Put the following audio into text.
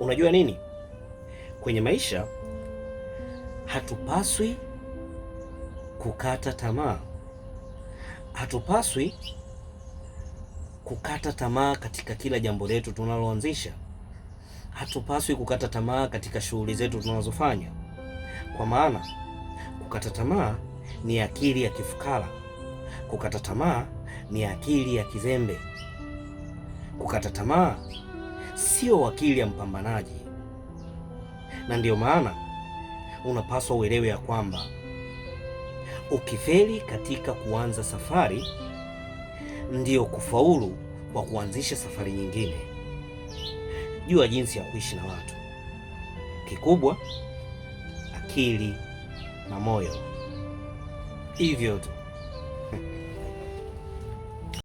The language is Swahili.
Unajua nini, kwenye maisha hatupaswi kukata tamaa, hatupaswi kukata tamaa katika kila jambo letu tunaloanzisha, hatupaswi kukata tamaa katika shughuli zetu tunazofanya, kwa maana kukata tamaa ni akili ya kifukara, kukata tamaa ni akili ya kizembe, kukata tamaa sio akili ya mpambanaji, na ndiyo maana unapaswa uelewe ya kwamba ukifeli katika kuanza safari ndiyo kufaulu kwa kuanzisha safari nyingine. Jua jinsi ya kuishi na watu, kikubwa akili na moyo. Hivyo tu.